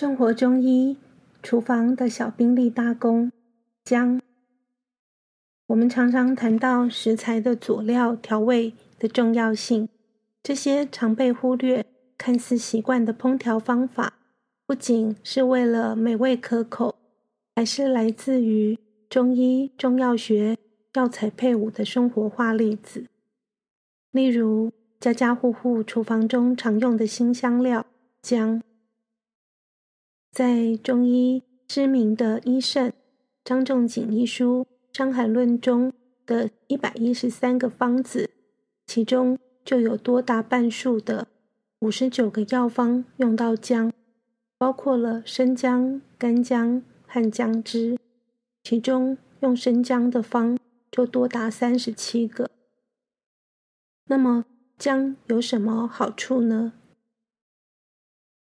生活中醫，一廚房的小兵立大功。薑，我們常常談到食材的佐料、調味的重要性。這些常被忽略、看似習慣的烹調方法，不僅是為了美味可口，還是來自於中醫、中藥學、藥材配伍的生活化例子。例如，家家戶戶廚房中常用的辛香料薑。在中醫知名的醫聖張仲景醫書《傷寒論》中的一百一十三個方子，其中就有多達半數的五十九個藥方用到薑，包括了生薑、乾薑和薑汁。其中用生薑的方就多達三十七個。那麼薑有什麼好處呢？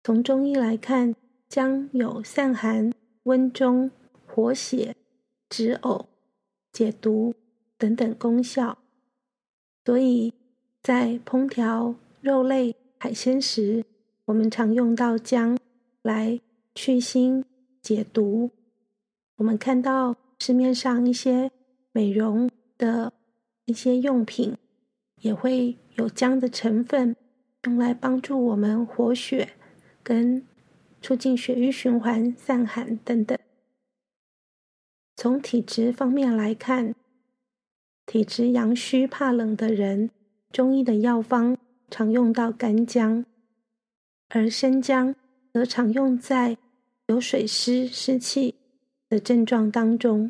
從中醫來看。薑有散寒、溫中、活血、止嘔、解毒等等功效，所以在烹調肉類、海鮮時，我們常用到薑來去腥、解毒。我們看到市面上一些美容的一些用品，也會有薑的成分，用來幫助我們活血跟。促進血液循環、散寒等等。從體質方面來看，體質陽虛怕冷的人，中醫的藥方常用到乾薑，而生薑則常用在有水濕濕氣的症狀當中。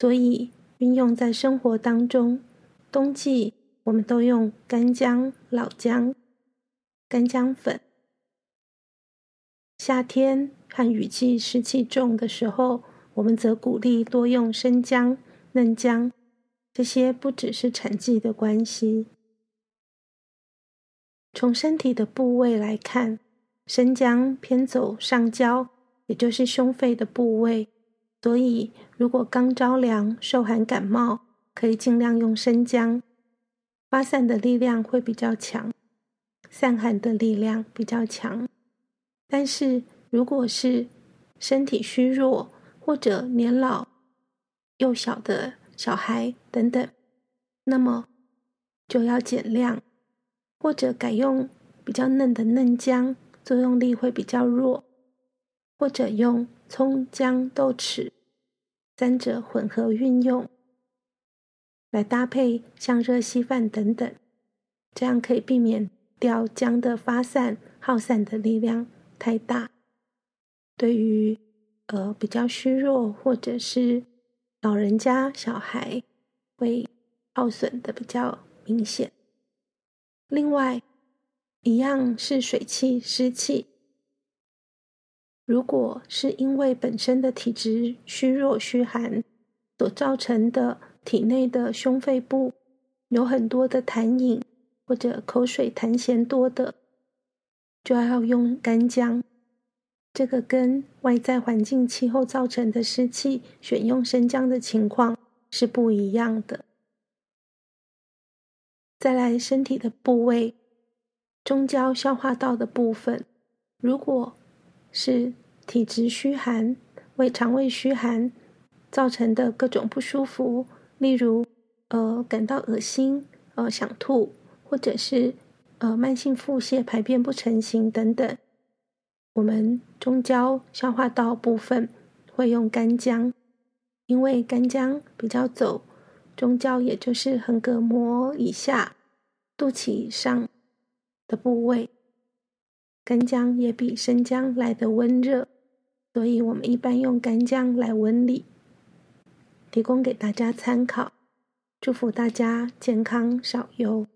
所以，運用在生活當中，冬季我們都用乾薑、老薑、乾薑粉。夏天和雨季濕氣重的時候，我們則鼓勵多用生薑、嫩薑。這些不只是產季的關係，從身體的部位來看，生薑偏走上焦，也就是胸肺的部位。所以，如果剛着涼、受寒感冒，可以盡量用生薑，發散的力量會比較強，散寒的力量比較強。但是，如果是身體虛弱或者年老、幼小的小孩等等，那麼就要減量，或者改用比較嫩的嫩薑，作用力會比較弱，或者用蔥薑豆豉三者混合運用，來搭配像熱稀飯等等，這樣可以避免掉薑的發散耗散的力量。太大，對於呃比較虛弱或者是老人家、小孩會耗損的比較明顯。另外，一樣是水氣、濕氣，如果是因為本身的體質虛弱、虛寒所造成的，體內的胸肺部有很多的痰飲，或者口水、痰涎多的。就要用乾薑，這個跟外在環境氣候造成的濕氣，選用生薑的情況是不一樣的。再來，身體的部位，中焦消化道的部分，如果是體質虛寒、胃腸胃虛寒造成的各種不舒服，例如呃感到噁心、呃想吐，或者是。呃，慢性腹瀉、排便不成形等等，我們中焦消化道部分會用乾薑，因為乾薑比較走中焦，也就是橫膈膜以下、肚臍以上的部位。乾薑也比生薑來得溫熱，所以我們一般用乾薑來溫裡，提供給大家參考。祝福大家健康少憂。